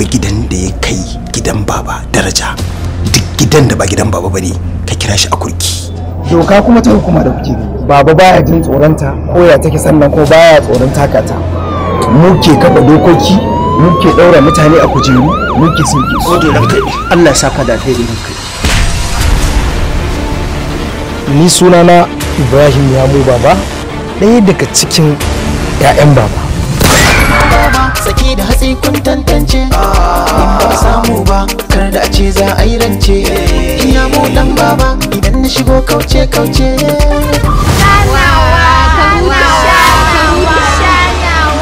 babu gidan da ya kai gidan baba daraja duk gidan da ba gidan baba ba ne ka kira shi a kurki doka kuma ta hukuma da kuke baba baya jin tsoronta ko ya take sannan ko baya tsoron takata muke kafa dokoki mu ke daura mutane a kujeru mu ke sauke Allah ya saka da alheri kai ni sunana Ibrahim Yamu Baba ɗaya daga cikin 'ya'yan baba ba sake da hatsi kun tantance in ba samu ba kar da ce za a yi rance ina mu dan baba idan na shigo kauce kauce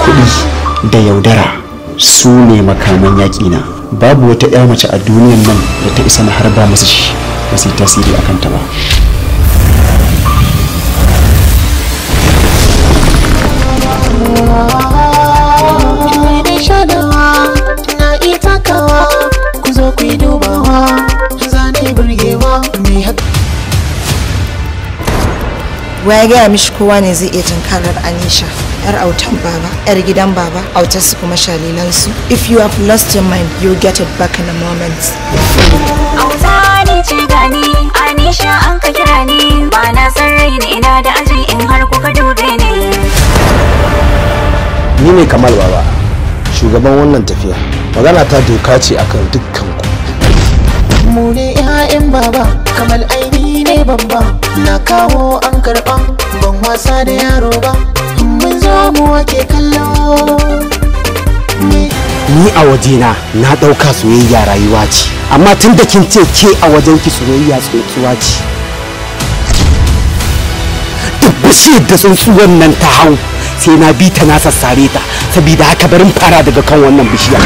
kuɗi da yaudara su ne makaman yaƙi na babu wata 'ya mace a duniyan nan da ta isa na harba masu shi ba sai tasiri akan ta ba kyakkyawa ku zo ku yi dubawa zane burgewa mai haka waya gaya mishi kowa ne zai iya tunkarar anisha yar autan baba yar gidan baba autar su kuma shalilan su if you have lost your mind you get it back in a moment auta ni ce gani anisha an ka kira ni ba na san rai ne ina da aji in har kuka dube ni ni ne kamal baba shugaban wannan tafiya magana ta doka ce akan dukkan ku mu 'ya'yan baba kamar aini ne babba na kawo an karɓa ban wasa da yaro ba mun zo mu wake kallo ni a wajena na ɗauka soyayya rayuwa ce amma tun da kin ce ke a wajen ki soyayya tsotsuwa ce duk bishiyar da tsuntsuwan nan ta hau sai na bi ta na sassare ta saboda haka barin fara daga kan wannan bishiya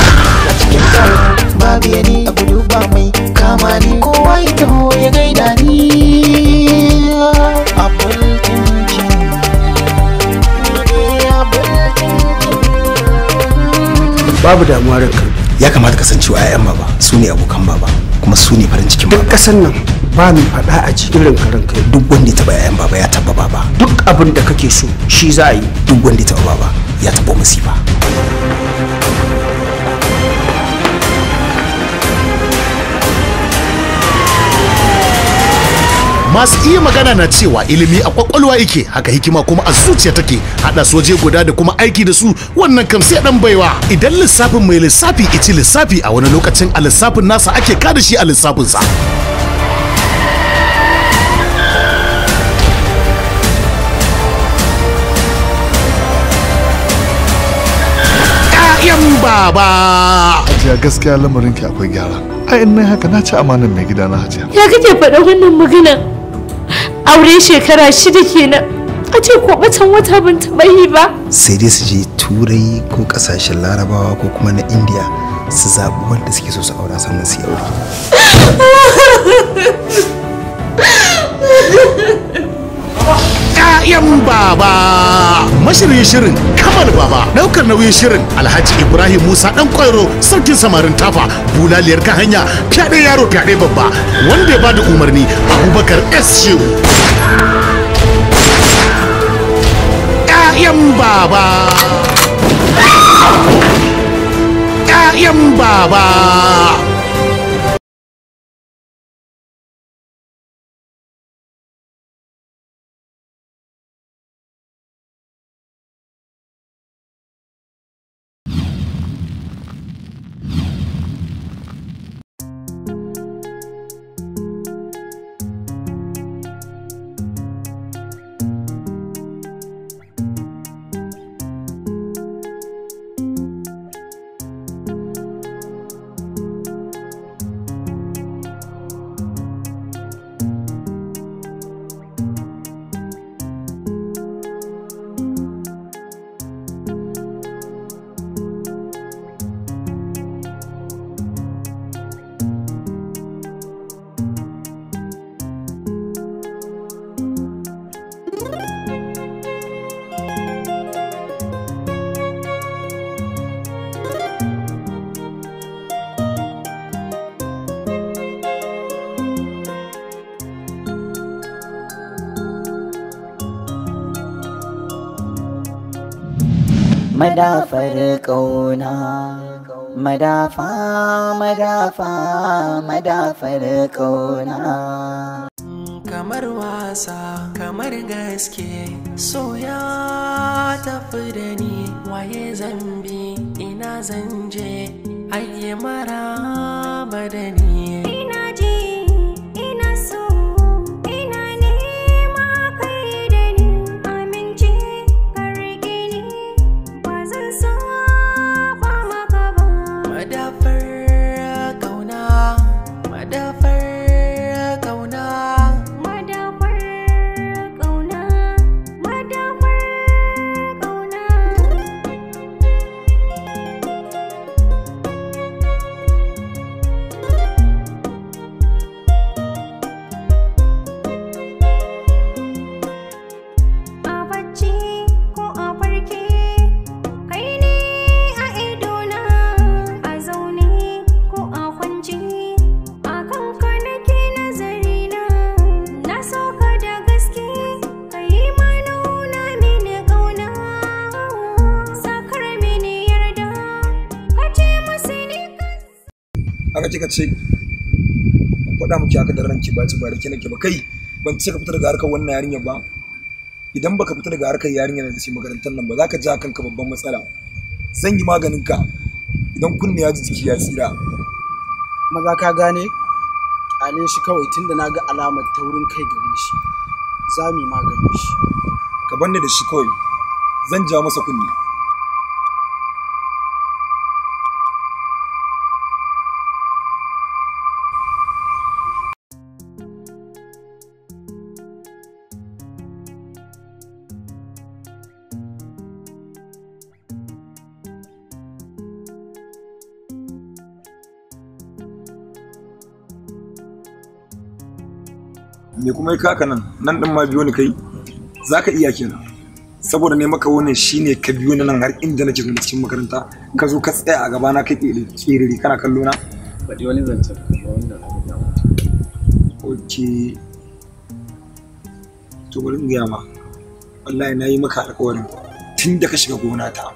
babu damuwa ya kamata kasancewa 'ya'yan baba su ne abokan baba kuma su ne farin cikin baba duk kasan nan ba mu faɗa a cikin ranka ranka duk wanda ya bayan yayan baba ya taba baba duk abin da kake so shi za a yi duk wanda ta baba ya taɓa masifa masu iya magana na cewa ilimi a kwakwalwa yake haka hikima kuma a zuciya take hada soje guda da kuma aiki da su wannan kam sai dan baiwa idan lissafin mai lissafi ici lissafi a wani lokacin a lissafin nasa ake kada shi a lissafinsa yan baba. Hajiya gaskiya lamarin ki akwai gyara. Ai in haka na ci amanan mai gidana Hajiya. Ya kake faɗa wannan magana? aure shekara shida kenan a ce ko batan wata ban taba yi ba sai dai su je turai ko kasashen larabawa ko kuma na indiya su zaɓi wanda suke so su aura sannan su yi aure Oh! 'ya'yan baba mashirin shirin kamar baba daukar nauyin shirin alhaji ibrahim musa dan kwairo Saukin samarin tafa bulaliyar ka hanya fyaɗe yaro fyaɗe babba wanda ya ba da umarni abubakar s shehu ya'yan baba ya'yan baba madafar ƙauna madafa madafa madafar ƙauna kamar wasa kamar gaske so ya tafi da ni waye zambi ina zanje ayye mara da ni ce ku faɗa miki haka da ranki ba ci ba da nake ba kai ban ce ka fita daga harkar wannan yarinya ba idan baka fita daga harkar yarinya da shi makarantar nan ba za ka ja kanka babban matsala zan yi maganin ka idan kunne ya ji jiki ya tsira maza ka gane kyale shi kawai tunda na ga alamar taurin kai gare shi za mu yi maganin shi ka banne da shi kawai zan ja masa kunne kuma ya kaka nan nan din ma biyo ni kai zaka iya kenan saboda ne maka wannan shine ka biyo ni nan har inda nake zuwa cikin makaranta ka zo ka tsaya a gaba na kai kiriri kana kallo na ba faɗi wani zancen wanda ok to bari in gaya ma wallahi na yi maka alƙawarin tun da ka shiga gona ta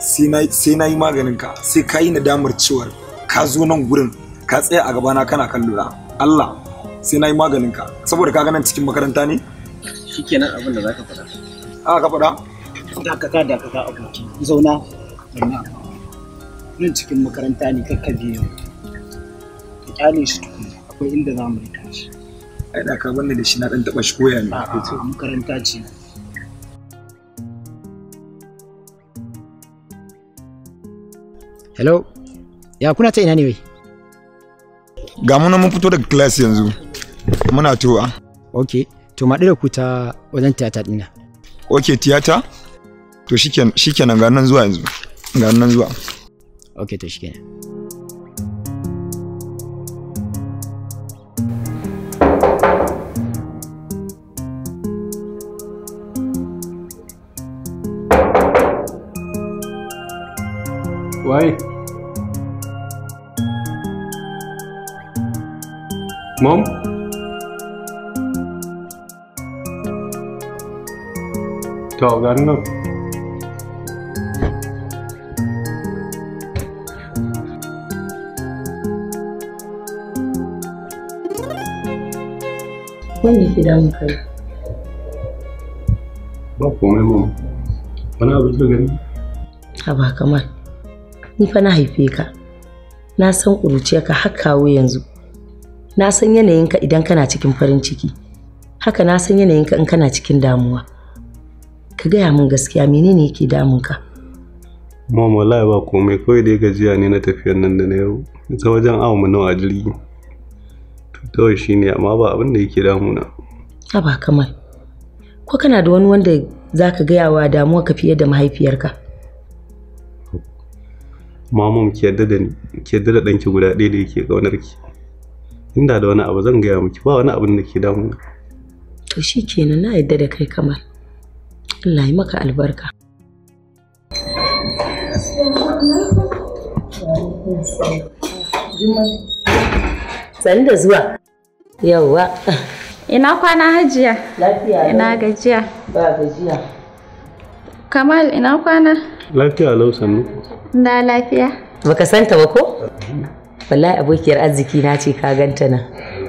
sai na yi maganin ka sai ka yi nadamar cewar ka zo nan gurin ka tsaya a gaba na kana kallo na Allah sai na yi maganin ka saboda ka ganin cikin makaranta ne kenan abin da ka faɗa a ka faɗa dakaka dakaka aboki zauna zauna nan cikin makaranta ne kakka biyu ka kyale shi tukuna akwai inda za mu rika shi ai da ka da shi na dan taba shi koya ne a makaranta ce hello ya kuna ta ina ne wai ga mu mun fito daga class yanzu muna tuwa ok to maɗu da ku ta wajen tiyata ɗina ok tiyata to shikenan ga nan zuwa yanzu ga nan zuwa ok to shikenan Waye? Mom? Kavgan yok. Wani ke damun kai? Ba komai mu. Wani abu da gani? Haba kamar. Ni fa na haife ka. Na san ka har kawo yanzu. Na san yanayinka idan kana cikin farin ciki. Haka na san yanayinka in kana cikin damuwa. ka gaya min gaskiya menene yake damun ka mom wallahi ba komai kawai dai gajiya ne na tafiyar nan da na yau ta wajen awa mu nawa jirgi to kawai shine amma ba abin da yake damuna a ba kamar ko kana da wani wanda za ka gaya wa damuwa ka fiye da mahaifiyarka mamam ki yadda da ni ki yadda da ɗanki guda ɗaya da yake ƙaunar ki inda da wani abu zan gaya miki ba wani abin da ke damuna to shi kenan na yadda da kai kamar Allah ya maka albarka sani da zuwa Yawwa. ina kwana hajiya lafiya ina gajiya ba gajiya kamal ina kwana lafiya lau sannu na lafiya baka santa ba ko mhm. wallahi abokiyar arziki na ce ka ganta nan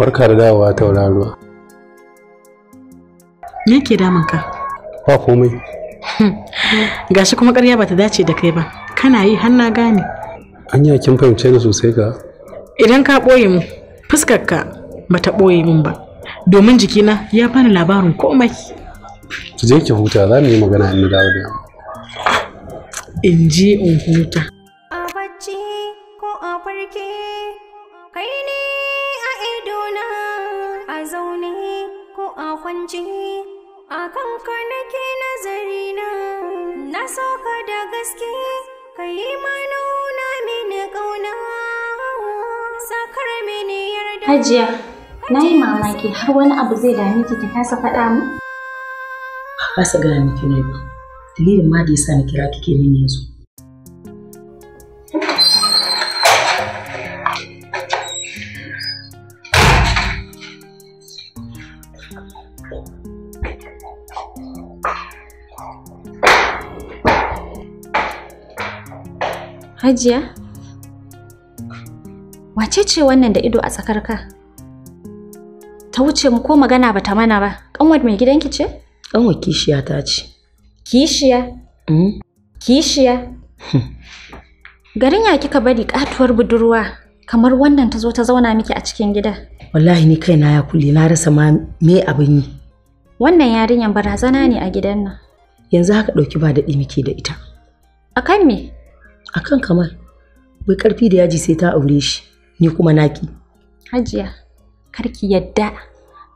Barka da dawowa tauraruwa. Me ke damunka? Ba komai. Hmm. Gashi kuma karya ba ta dace da kai ba. Kana yi har na gane. Anya kin fahimce ni sosai ga? Idan ka ɓoye mu, fuskarka ba ta ɓoye min ba. Domin jikina ya bani labarin komai. Ki je ki huta za mu yi magana in dawo da In ji in huta. kai mano na mini kauna sakar mini yarda hajiya na yi mamaki har wani abu zai dame ki ta kasa faɗa mu ba kasa gaya miki ne ba dalilin ma da yasa na kira kike ne yanzu Hajiya? Wace ce wannan da ido a tsakar ka? Ta wuce mu ko magana ba ta mana ba. Ƙanwar mai gidanki ce? Ƙanwar kishiya ta ce. Kishiya? Mm. Kishiya? Hmm. Garin ya kika bari katuwar budurwa kamar wannan ta zo ta zauna miki a cikin gida. Wallahi ni kaina ya kulle na rasa ma me abin yi. Wannan yarinyar barazana ne a gidan nan. Yanzu haka ɗauki ba daɗi muke da ita. A kan me? akan kamar wai karfi da yaji sai ta aure shi ni kuma naki hajiya karki yadda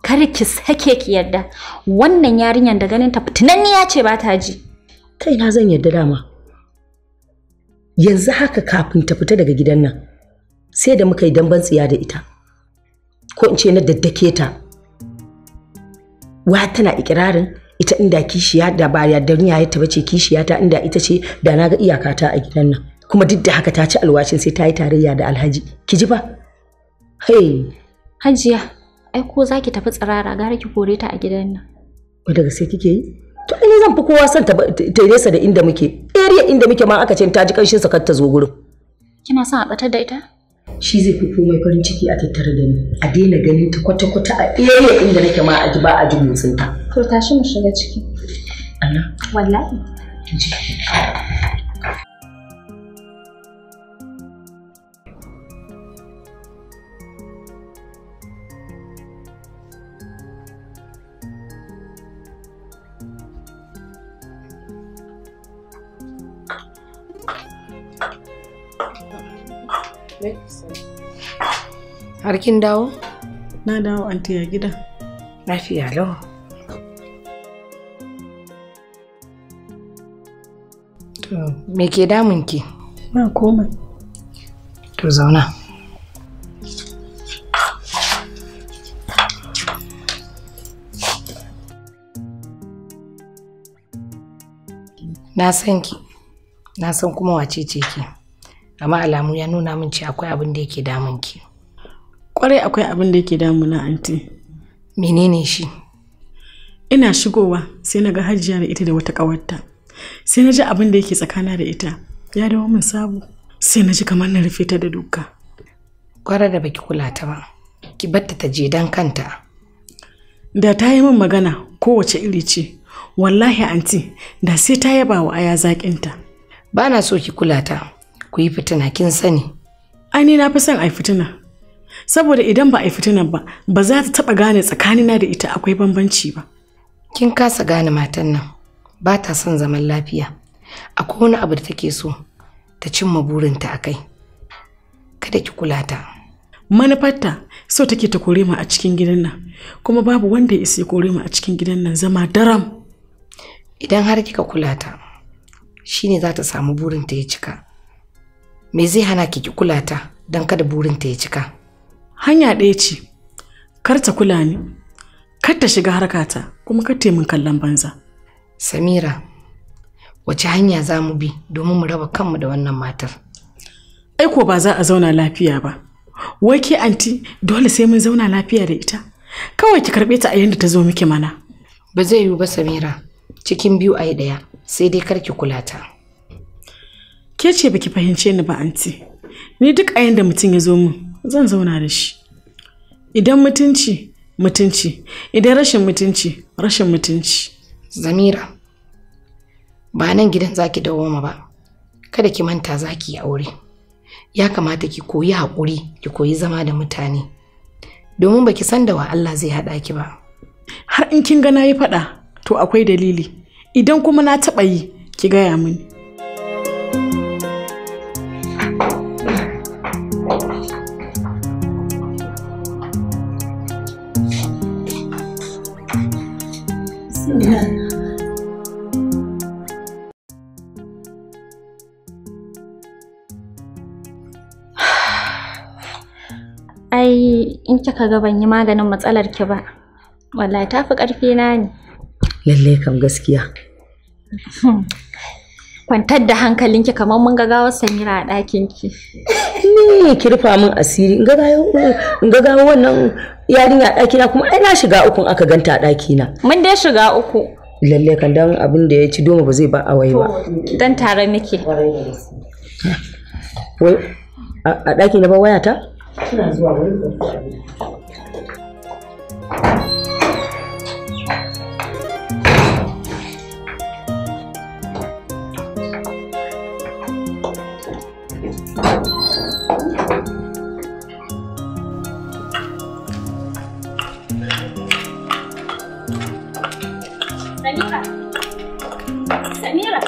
karki sake ki yadda wannan yarinyar da ganin ta ya ce ba ta ji kai na zan yadda dama yanzu haka kafin ta fita daga gidan nan sai da muka yi damban tsiya da ita ko in ce na daddake ta wa tana ikirarin ita inda kishiya da ba ya duniya ya taba ce kishiya ta inda ita ce da na ga iyaka ta a gidan nan kuma duk da haka ta ci alwashin sai ta yi tarayya da alhaji ki ji fa hey hajiya ai ko zaki tafi tsirara gara ki kore ta a gidan nan ko daga sai kike yi to ai zan fi kowa son ta nesa da inda muke area inda muke ma aka ce ta ji kanshin sakar ta zo gurin kina son a batar da ita shi zai fi komai farin ciki a tattare da ni a daina ganin ta kwata-kwata a area inda nake ma a ba a ji motsin ta to tashi mu shiga ciki Allah wallahi Har kin dawo? Na dawo anti ya gida. Lafiya lau. To, me ke damun ki? Ba komai. To zauna. Na san ki, na san kuma wace ce ki, amma alamu ya nuna min ce akwai abin da yake damun ki. kwarai akwai abin da yake damuna anti menene shi ina shigowa sai na ga hajiya da ita da wata ƙawarta sai na ji abin da yake tsakana da ita ya dawo min sabu sai na ji kamar na rufe ta da duka kwarar da baki kula ta ba ki batta ta je dan kanta da ta yi min magana kowace iri ce wallahi anti da sai ta yaba wa aya zakin ba na so ki kula ta ku yi fitina kin sani ai ni na fi son ai fitina saboda idan ba a yi fitinan ba ba za ta taɓa gane tsakanina da ita akwai bambanci ba kin kasa gane matan nan ba ta son zaman lafiya akwai wani abu da take so ta cimma burinta a kai kada ki kula ta manufarta so take ta kore mu a cikin gidan nan kuma babu wanda ya isa ya kore mu a cikin gidan nan zama daram idan har kika kula ta shine za ta samu burinta ya cika me zai hana ki kula ta don kada burinta ya cika hanya ɗaya ce kar ta kula ni kar ta shiga harkata kuma karta ta min kallon banza samira wace hanya za mu bi domin mu raba kanmu da wannan matar Aiko ba za a zauna lafiya ba wai ke anti dole sai mun zauna lafiya da ita kawai ki karɓe ta a yadda ta zo miki mana ba zai yiwu ba samira cikin biyu a yi ɗaya sai dai kar ki kula ta ke ce baki fahimce ni ba anti ni duk a yadda mutum ya zo min zan zauna da shi idan mutunci mutunci idan rashin mutunci rashin mutunci zamira ba nan gidan zaki ma ba kada ki manta zaki yi aure ya kamata ki koyi haƙuri ki koyi zama da mutane domin ba ki san da wa Allah zai haɗa ki ba har in kin ga na yi faɗa to akwai dalili idan kuma na taɓa yi ki gaya mini kika ga ban yi maganin matsalar ki ba wallahi ta fi ƙarfi na ne lalle kam gaskiya kwantar da hankalinki kamar mun ga gawar samira a ɗakin ki ne kirfa min asiri in ga gawo wannan yarinya a ɗakina kuma ai na shiga uku aka ganta a ɗakina mun dai shiga uku lalle kan dan abin da ya ci doma ba zai ba wai ba dan tare muke wai a ɗaki na ba wayata suna zuwa wurin Samira!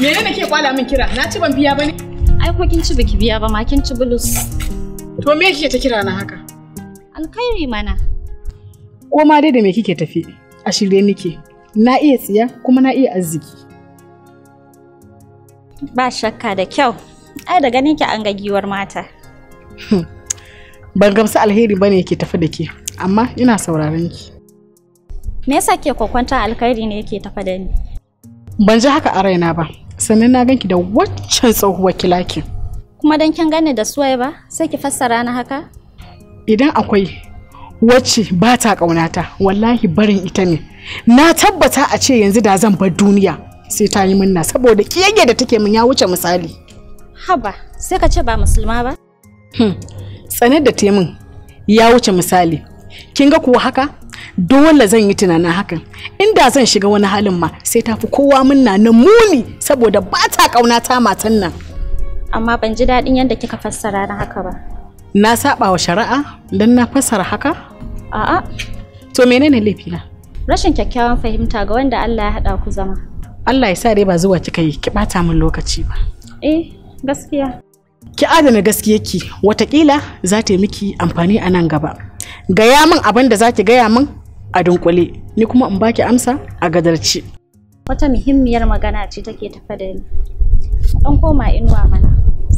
mene ne ke kwala min kira? Na ci ban biya ba ne? ai ko kin ci biki biya ba ma kin ci bulus. To me kike ta kira na haka? Alkhairi mana. Ko ma dai da me kike tafi? A shirye nike. Na iya tsiya kuma na iya arziki. Ba shakka da kyau. Ai da ganin ki an ga giwar mata. Hmm. Ban gamsu alheri bane ke tafi da ke, amma ina sauraron ki. Me yasa ke kwakwanta alkhairi ne yake tafi da ni? Ban ji haka a raina ba. sannan na ganki da waccan tsohuwar kilakin kuma dan kin gane da suwaye ba sai ki fassara na haka idan akwai wacce ba ta ƙaunata wallahi barin ita ne na tabbata a ce yanzu da zan bar duniya sai ta yi minna saboda kiyayya da take min ya wuce misali haba sai ka ce ba musulma ba hmm. tsanar da min ya wuce misali kin ga kuwa haka dole zan yi tunanin hakan inda zan shiga wani halin ma sai tafi kowa munna na muni saboda ba ta kauna ta matan nan amma ban ji daɗin yadda kika fassara na haka ba na saba wa shari'a dan na fassara haka a'a to menene laifina rashin kyakkyawan fahimta ga wanda Allah ya haɗa ku zama Allah ya sa dai ba zuwa kika yi ki ɓata min lokaci ba eh gaskiya ki adana gaskiyarki watakila za ta yi miki amfani a nan gaba gaya min abin da za ki gaya min a dunkule ni kuma in baki amsa a gadarci wata muhimmiyar magana ce take tafa da ni don koma inuwa mana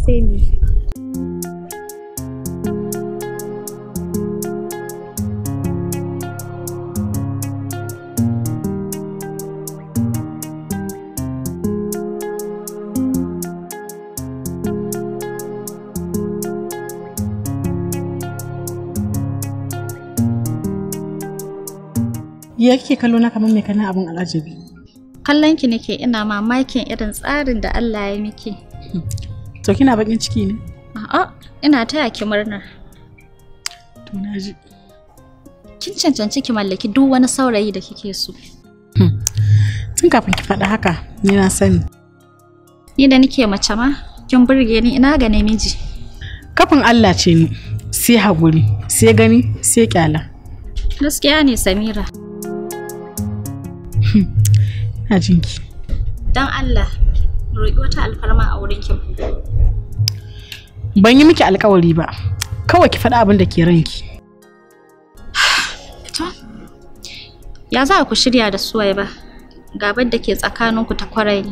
sai ni ya kike kallo na kamar mai kana abin al'ajabi kallon ki nake ina mamakin irin tsarin da Allah ya miki to kina bakin ciki ne a'a ina taya ki murna to naji kin cancanci ki mallaki duk wani saurayi da kike so hmm. tun kafin ki faɗa haka ni na sani ni da nike mace ma kin burge ni ina ga namiji kafin Allah ce ni sai haƙuri sai gani sai kyala gaskiya ne samira a jinki don Allah roƙi wata alfarma a wurin ki ban yi miki alkawari ba kawai ki faɗa abin da ke ranki ya za ku shirya da suwai ba gabar da ke tsakaninku ta kwarai ne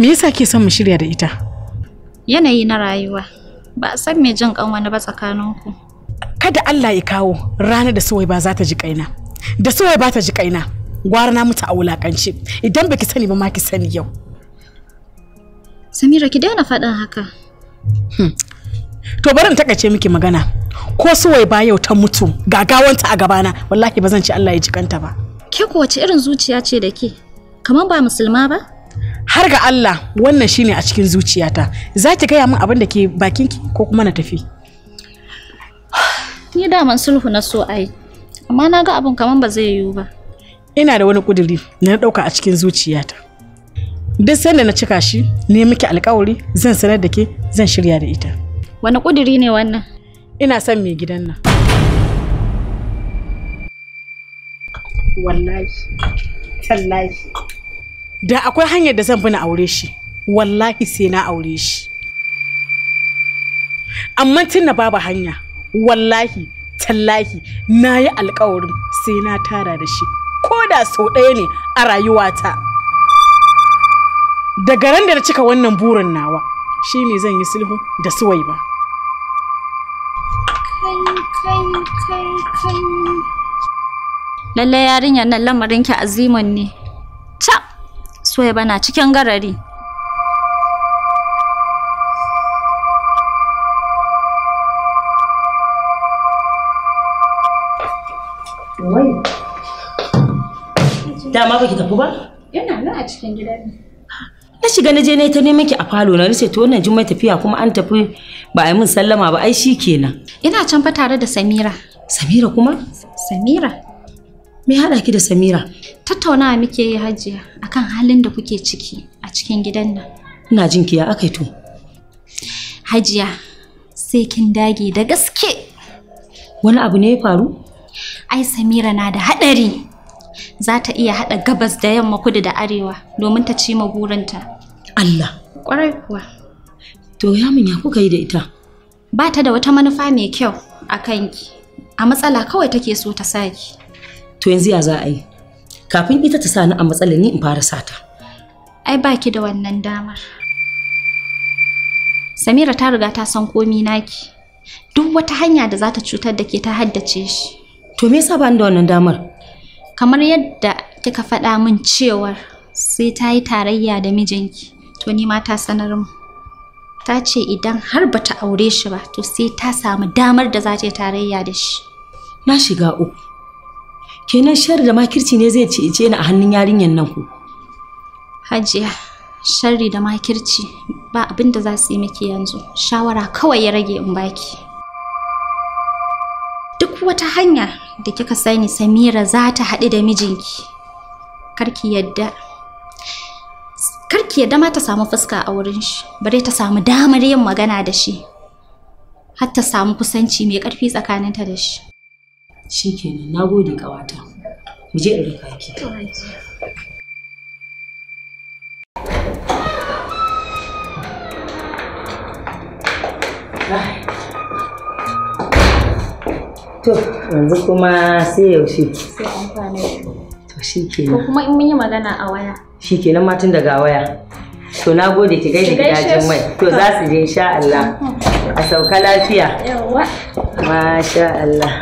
me yasa ke son mu shirya da ita yanayi na rayuwa ba a san me jin kan wani ba tsakaninku kada Allah ya kawo ranar da suwai ba za ta ji kaina da suwai ba ta ji kaina gwara na mutu a wulakanci idan baki sani ba ma ki sani yau samira ki daina faɗin haka hmm. to bari in takace miki magana ko suwai ba yau ta mutu gagawanta a gabana wallahi ba zan ci Allah ya jikanta ba ke ko wace irin zuciya ce da ke kamar ba musulma ba har ga Allah wannan shine a cikin zuciyata za ki gaya min abin da ke bakinki ko kuma na tafi ni daman sulhu na so ai amma na ga abin kamar ba zai yiwu ba ina da wani ƙuduri na ɗauka a cikin zuciyata duk sanda na cika shi ne miki alkawari zan sanar da ke zan shirya da ita wani ƙuduri ne wannan ina son mai gidan nan wallahi tallahi da akwai hanyar da zan bi na aure shi wallahi sai na aure shi amma tun na babu hanya wallahi tallahi na yi alkawarin sai na tara da shi ko da sau ɗaya ne a rayuwata daga ran da na cika wannan burin nawa shi ne zan yi sulhu da suwai ba Lallai yarinyar nan lamarin ki azimin ne ca suwai na cikin garari Wait. Dama baki tafi ba? Yana nan a cikin gidan ne. Na shiga na je na ta neman ki a falo na nace to wannan jummai tafiya kuma an tafi ba a yi min sallama ba ai shikenan. Ina can fa tare da Samira. Samira kuma? Samira. Me hada ki da Samira? Tattaunawa muke yi Hajiya akan halin da kuke ciki a cikin gidan nan. Ina jin ki ya akai to. Hajiya sai kin dage da gaske. Wani abu ne ya faru? Ai Samira na da haɗari. za ta iya haɗa gabas da yamma kudu da arewa domin ta cima burinta. Allah. Kwarai kuwa. To ya ya kuka yi da ita? Ba ta da wata manufa mai kyau a kanki. A matsala kawai take so ta saki. To yanzu ya za a yi? Kafin ita ta sani a matsala ni in fara sata. Ai ba ki da wannan damar. Samira ta riga ta san komi naki. Duk wata hanya da za ta cutar da ke ta haddace shi. To me yasa ba da wannan damar? kamar yadda kika faɗa min cewar sai ta yi tarayya da mijinki to ni ma ta sanar mu ta ce idan har ba ta aure shi ba to sai ta samu damar da za ta yi tarayya da shi na shiga uku kenan shar da makirci ne zai cece ni a hannun yarinyar nan ku hajiya sharri da makirci ba abin da za su yi miki yanzu shawara kawai ya rage in baki duk wata hanya da kika sani samira za ta haɗu da mijinki karki yadda karki yadda ma ta samu fuska a wurin shi bare ta samu damar yin magana da shi har ta samu kusanci mai ƙarfi tsakaninta da shi shikenan nagode ƙawata mu je in rika ki to yanzu kuma sai yaushe sai an kwana to shi ke ko kuma in mun yi magana a waya shi ke nan matun daga waya to na gode ki gaida gidajen mai to za su je insha Allah a sauka lafiya yawa masha Allah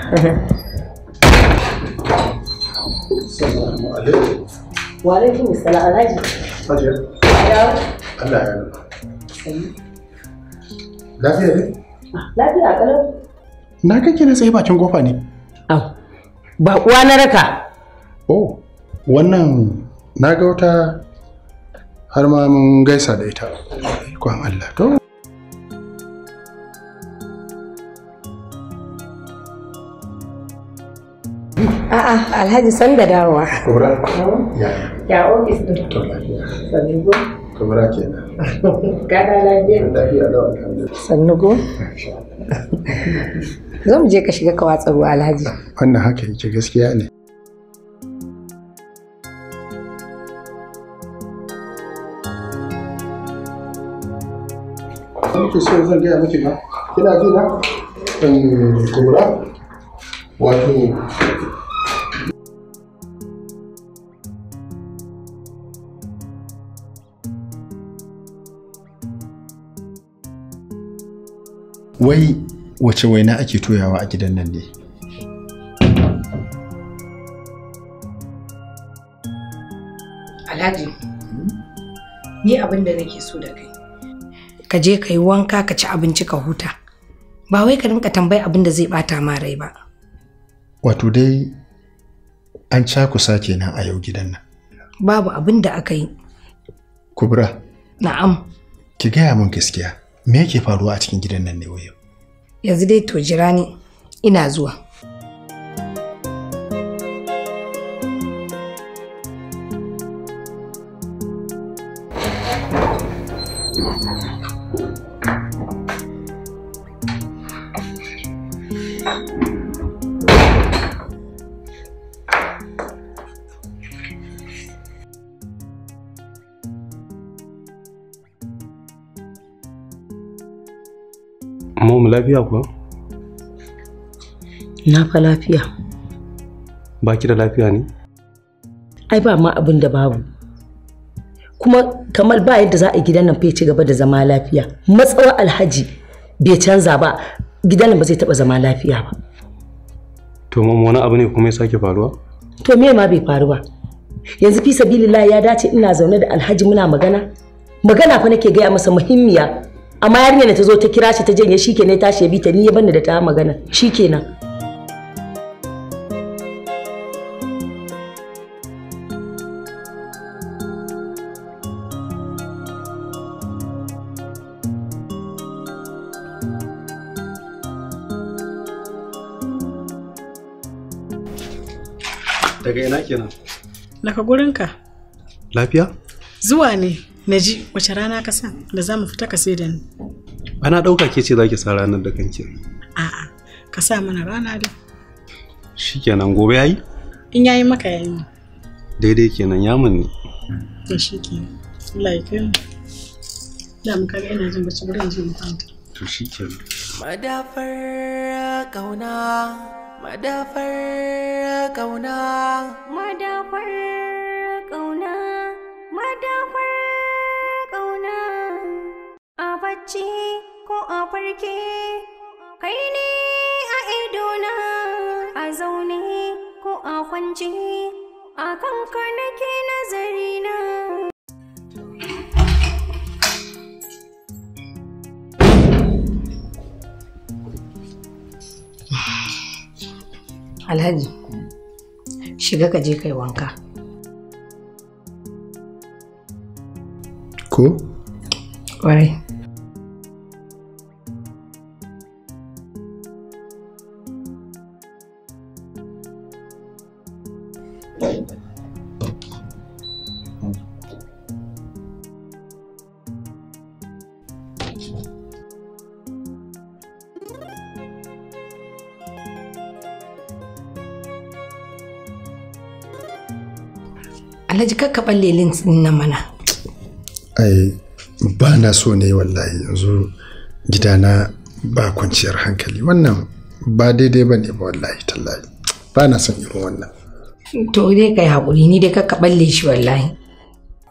Assalamu alaikum. Wa alaikum assalam alaji. Hajiya. Allah ya yi. Lafiya ne? Ah, lafiya kalau. Na kake na tsaye bakin kofa ne. Au, ba uwa na raka. Oh, wannan na ga wata har ma mun gaisa da ita. Kwan Allah to. A'a, Alhaji san da dawowa. Kubra? Ya. Ya ofis din. To lafiya. Sanugo? kenan. Gada lafiya. Lafiya da zo je ka shiga ka watsa ruwa alhaji wannan haka yake gaskiya ne muke so zan gaya miki ba kina ji na kumura wato wai wace waina ake toyawa a gidan nan ne alhaji ni abin da nake so da kai ka je ka yi wanka ka ci abinci ka huta ba wai ka rinka tambayi abin da zai bata ma rai ba wato dai an cakusa kenan a yau gidan nan babu abin da aka yi kubra na'am ki gaya min gaskiya me yake faruwa a cikin gidan nan ne wayo yanzu dai to jira ni ina zuwa lafiya kuwa? Na fa lafiya. Ba ki da lafiya ne? Ai ba ma abin da babu. Kuma kamar ba yadda za a gidan nan fai ci gaba da zama lafiya. Matsawa alhaji bai canza ba gidan nan ba zai taɓa zama lafiya ba. To mam wani abu ne kuma ya sake faruwa? To me ma bai faru ba. Yanzu fi sabilillah ya dace ina zaune da alhaji muna magana. Magana fa nake gaya masa muhimmiya amma yarinyar ne ta zo ta kira shi ta janye kenan ya tashi ya bi ta ni ya bani da ta magana shikenan Daga ina kenan? Daga gurinka. Lafiya? Zuwa ne. na ji wace rana ka sa da za mu fita ka sai da ni ana ɗauka ke ce za ki sa ranar da kanki a'a ka sa mana rana da shi kenan gobe yayi in yayi maka yayi daidai kenan ya mun ne to shi Allah ya kai da mu kaga ina jin bacci bari in je mu kwanta to shikenan madafar kauna madafar kauna madafar a farke kai ne a idona a zaune ko a kwance a kanka nake nazari na Alhaji, shiga ka je kai wanka. Ko? Right. Alhaji kakka balle lins din nan mana. Ai ba na so ne wallahi yanzu gidana ba kwanciyar hankali wannan ba daidai ba ne ba wallahi tallahi ba na son irin wannan. To dai kai haƙuri ni dai ka balle shi wallahi.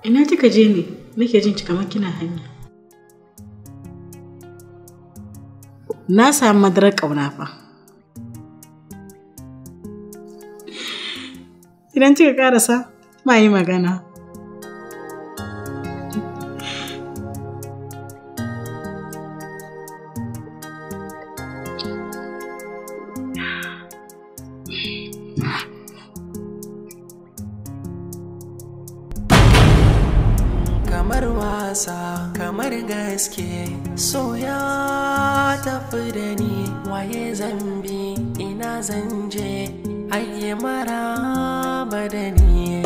Ina kika je ne nake jin ki kamar kina hanya. Na samu madarar ƙauna fa. Idan kika karasa ma yi magana. wasa kamar gaske ya tafi da ni waye zambi ina zanje ayye mara da ni